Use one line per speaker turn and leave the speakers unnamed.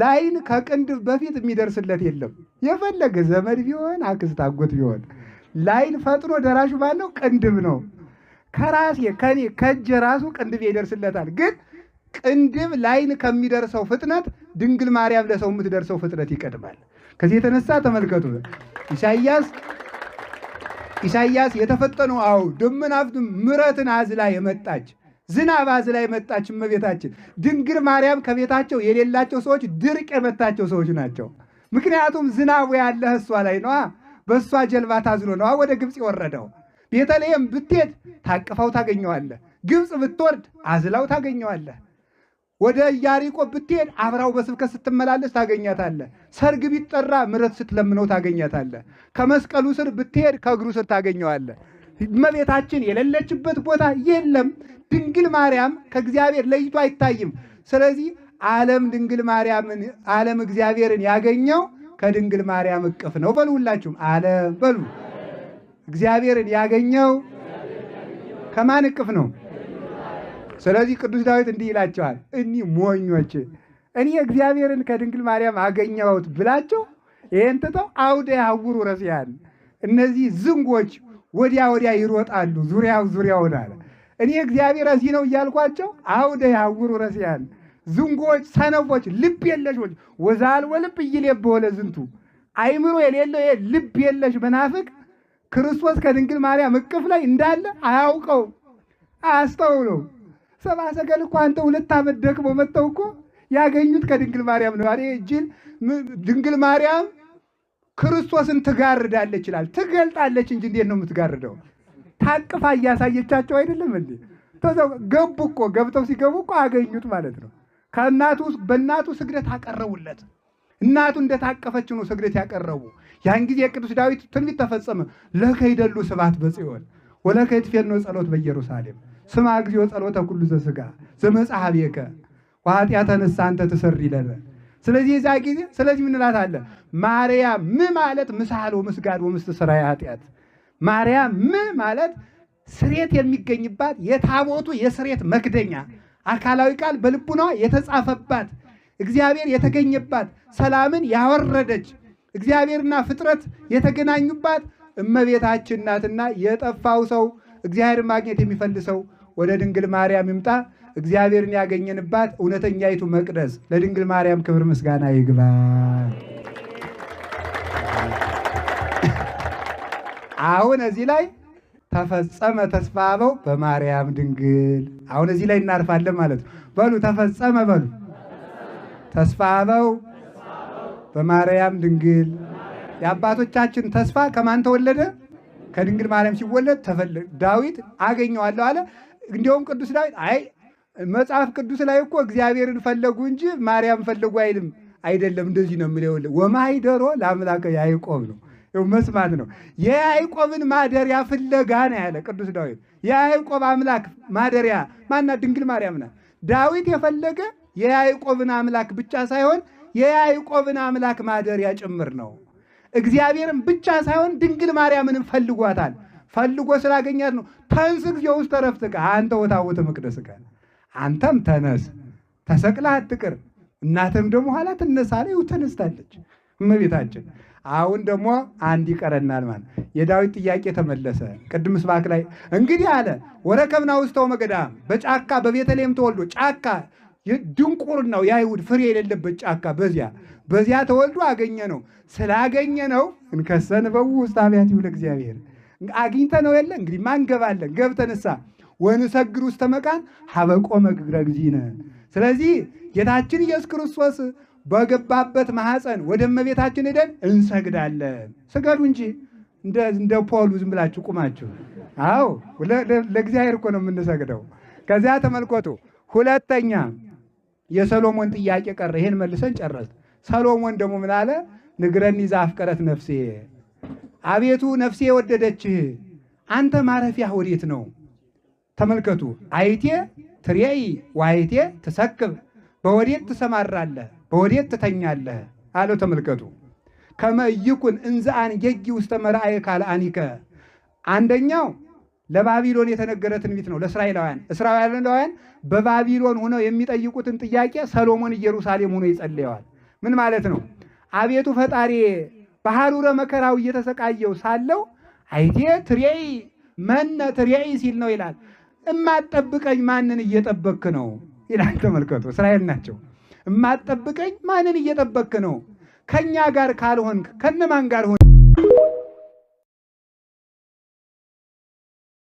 ላይን ከቅንድብ በፊት የሚደርስለት የለም። የፈለገ ዘመድ ቢሆን አክስት፣ አጎት ቢሆን ላይን ፈጥኖ ደራሹ ባለው ቅንድብ ነው። ከራሴ ከኔ ከእጄ ራሱ ቅንድብ ይደርስለታል። ግን ቅንድብ ላይን ከሚደርሰው ፍጥነት ድንግል ማርያም ለሰው የምትደርሰው ፍጥነት ይቀድማል። ከዚህ የተነሳ ተመልከቱ ኢሳያስ ኢሳያስ የተፈጠነው አዎ ደመናፍት ምረትን አዝላ የመጣች ዝናብ አዝላ መጣች እመቤታችን። ድንግል ማርያም ከቤታቸው የሌላቸው ሰዎች ድርቅ የመታቸው ሰዎች ናቸው። ምክንያቱም ዝናቡ ያለ እሷ ላይ ነዋ። በእሷ ጀልባ ታዝሎ ነዋ ወደ ግብፅ የወረደው። ቤተልሔም ብትሄድ ታቅፈው ታገኘዋለህ። ግብፅ ብትወርድ አዝላው ታገኘዋለህ። ወደ ኢያሪኮ ብትሄድ አብራው በስብከት ስትመላለስ ታገኛታለህ። ሰርግ ቢጠራ ምረት ስትለምነው ታገኛታለህ። ከመስቀሉ ስር ብትሄድ ከእግሩ ስር ታገኘዋለህ። እመቤታችን የሌለችበት ቦታ የለም። ድንግል ማርያም ከእግዚአብሔር ለይቶ አይታይም። ስለዚህ ዓለም ድንግል ማርያምን ዓለም እግዚአብሔርን ያገኘው ከድንግል ማርያም እቅፍ ነው። በሉ ሁላችሁም ዓለም በሉ እግዚአብሔርን ያገኘው ከማን እቅፍ ነው? ስለዚህ ቅዱስ ዳዊት እንዲህ ይላቸዋል፣ እኒህ ሞኞች እኔ እግዚአብሔርን ከድንግል ማርያም አገኘሁት ብላቸው ይህን ትተው አውደ ያውሩ ረስያን እነዚህ ዝንጎች ወዲያ ወዲያ ይሮጣሉ ዙሪያው ዙሪያውን አለ። እኔ እግዚአብሔር እዚህ ነው እያልኳቸው አውደ ያውሩ ረሲያን ዝንጎች፣ ሰነፎች፣ ልብ የለሾች ወዛልወ ልብ እይሌብህ ወለ ዝንቱ አይምሮ የሌለው ልብ የለሽ መናፍቅ ክርስቶስ ከድንግል ማርያም እቅፍ ላይ እንዳለ አያውቀው አያስተውለው። ሰብአ ሰገል እኮ አንተ ሁለት ዓመት ደክሞ መጥተው እኮ ያገኙት ከድንግል ማርያም ነው። እጅል ድንግል ማርያም ክርስቶስን ትጋርዳለች ይላል። ትገልጣለች እንጂ እንዴት ነው የምትጋርደው? ታቅፋ እያሳየቻቸው አይደለም እንዴ? ገቡ እኮ ገብተው ሲገቡ እኮ አገኙት ማለት ነው። ከእናቱ በእናቱ ስግደት አቀረቡለት። እናቱ እንደታቀፈች ነው ስግደት ያቀረቡ። ያን ጊዜ ቅዱስ ዳዊት ትንቢት ተፈጸመ። ለከ ይደሉ ስብሐት በጽዮን ወለከ ይትፌን ነው ጸሎት በኢየሩሳሌም ስማ እግዚኦ ጸሎተ ኩሉ ዘመጽሐብ የከ ወኃጢአተ ተነሳ አንተ ትሰሪ ለነ ስለዚህ የዛ ጊዜ ስለዚህ ምንላት አለ ማርያም ም ማለት ምሳሎ ወምስጋድ ወምስትስራ ኃጢአት ማርያም ም ማለት ስሬት የሚገኝባት የታቦቱ የስሬት መክደኛ አካላዊ ቃል በልቡና የተጻፈባት እግዚአብሔር የተገኘባት ሰላምን ያወረደች እግዚአብሔርና ፍጥረት የተገናኙባት እመቤታችን ናትና የጠፋው ሰው እግዚአብሔር ማግኘት የሚፈልሰው ወደ ድንግል ማርያም ይምጣ። እግዚአብሔርን ያገኘንባት እውነተኛይቱ መቅደስ ለድንግል ማርያም ክብር ምስጋና ይግባል። አሁን እዚህ ላይ ተፈጸመ ተስፋ አበው በማርያም ድንግል። አሁን እዚህ ላይ እናርፋለን ማለት ነው። በሉ ተፈጸመ በሉ ተስፋ አበው በማርያም ድንግል። የአባቶቻችን ተስፋ ከማን ተወለደ? ከድንግል ማርያም ሲወለድ ዳዊት አገኘዋለሁ አለ። እንዲሁም ቅዱስ ዳዊት አይ መጽሐፍ ቅዱስ ላይ እኮ እግዚአብሔርን ፈለጉ እንጂ ማርያም ፈለጉ አይልም። አይደለም እንደዚህ ነው የሚለው ወማይደሮ ለአምላከ ያዕቆብ ነው መስማት ነው። የያዕቆብን ማደሪያ ፍለጋ ነው ያለ ቅዱስ ዳዊት። የያዕቆብ አምላክ ማደሪያ ማና ድንግል ማርያም ናት። ዳዊት የፈለገ የያዕቆብን አምላክ ብቻ ሳይሆን የያዕቆብን አምላክ ማደሪያ ጭምር ነው። እግዚአብሔርን ብቻ ሳይሆን ድንግል ማርያምንም ፈልጓታል። ፈልጎ ስላገኛት ነው ተንስ ጊዜ ውስጥ ተረፍትቀ አንተ መቅደስ ቀን አንተም ተነስ ተሰቅለህ አትቅር፣ እናትህም ደግሞ ኋላ ትነሳለህ። ይኸው ተነስታለች እመቤታችን። አሁን ደግሞ አንድ ይቀረናል ማለት የዳዊት ጥያቄ ተመለሰ። ቅድም ስባክ ላይ እንግዲህ አለ ወረከብና ውስተው መገዳም በጫካ በቤተልሔም ተወልዶ ጫካ ድንቁር ነው የአይሁድ ፍሬ የሌለበት ጫካ በዚያ በዚያ ተወልዶ አገኘ ነው ስላገኘ ነው እንከሰን በው ውስጥ አብያት ይሁለ እግዚአብሔር አግኝተ ነው የለ እንግዲህ ማንገባለን ገብተንሳ ወንሰግድ ውስተ መቃን ሀበቆመ እግረ እግዚእነ። ስለዚህ ጌታችን ኢየሱስ ክርስቶስ በገባበት ማሐፀን ወደ እመቤታችን ሄደን እንሰግዳለን። ስገዱ እንጂ እንደ ፖሉ ዝም ብላችሁ ቁማችሁ። አዎ ለእግዚአብሔር እኮ ነው የምንሰግደው። ከዚያ ተመልከቱ። ሁለተኛ የሰሎሞን ጥያቄ ቀረ። ይሄን መልሰን ጨረስ። ሰሎሞን ደግሞ ምን አለ? ንግረኒ ዘአፍቀረት ነፍሴ፣ አቤቱ ነፍሴ ወደደችህ፣ አንተ ማረፊያህ ወዴት ነው? ተመልከቱ። አይቴ ትሬይ ዋይቴ ትሰክብ፣ በወዴት ትሰማራለህ፣ በወዴት ትተኛለህ አለው። ተመልከቱ። ከመይኩን እንዝአን አንጌጊ ውስተ ካል አኒከ አንደኛው ለባቢሎን የተነገረ ትንቢት ነው ለእስራኤላውያን። እስራኤላውያን በባቢሎን ሆነው የሚጠይቁትን ጥያቄ ሰሎሞን ኢየሩሳሌም ሆኖ ይጸልየዋል። ምን ማለት ነው? አቤቱ ፈጣሪ በሐሩረ መከራው እየተሰቃየው ሳለው አይቴ ትሬይ መነ ትሬይ ሲል ነው ይላል እማጠብቀኝ ማንን እየጠበክ ነው ይላል። ተመልከቱ፣ እስራኤል ናቸው። እማጠብቀኝ ማንን እየጠበክ ነው? ከእኛ ጋር ካልሆንክ ከነማን ጋር ሆን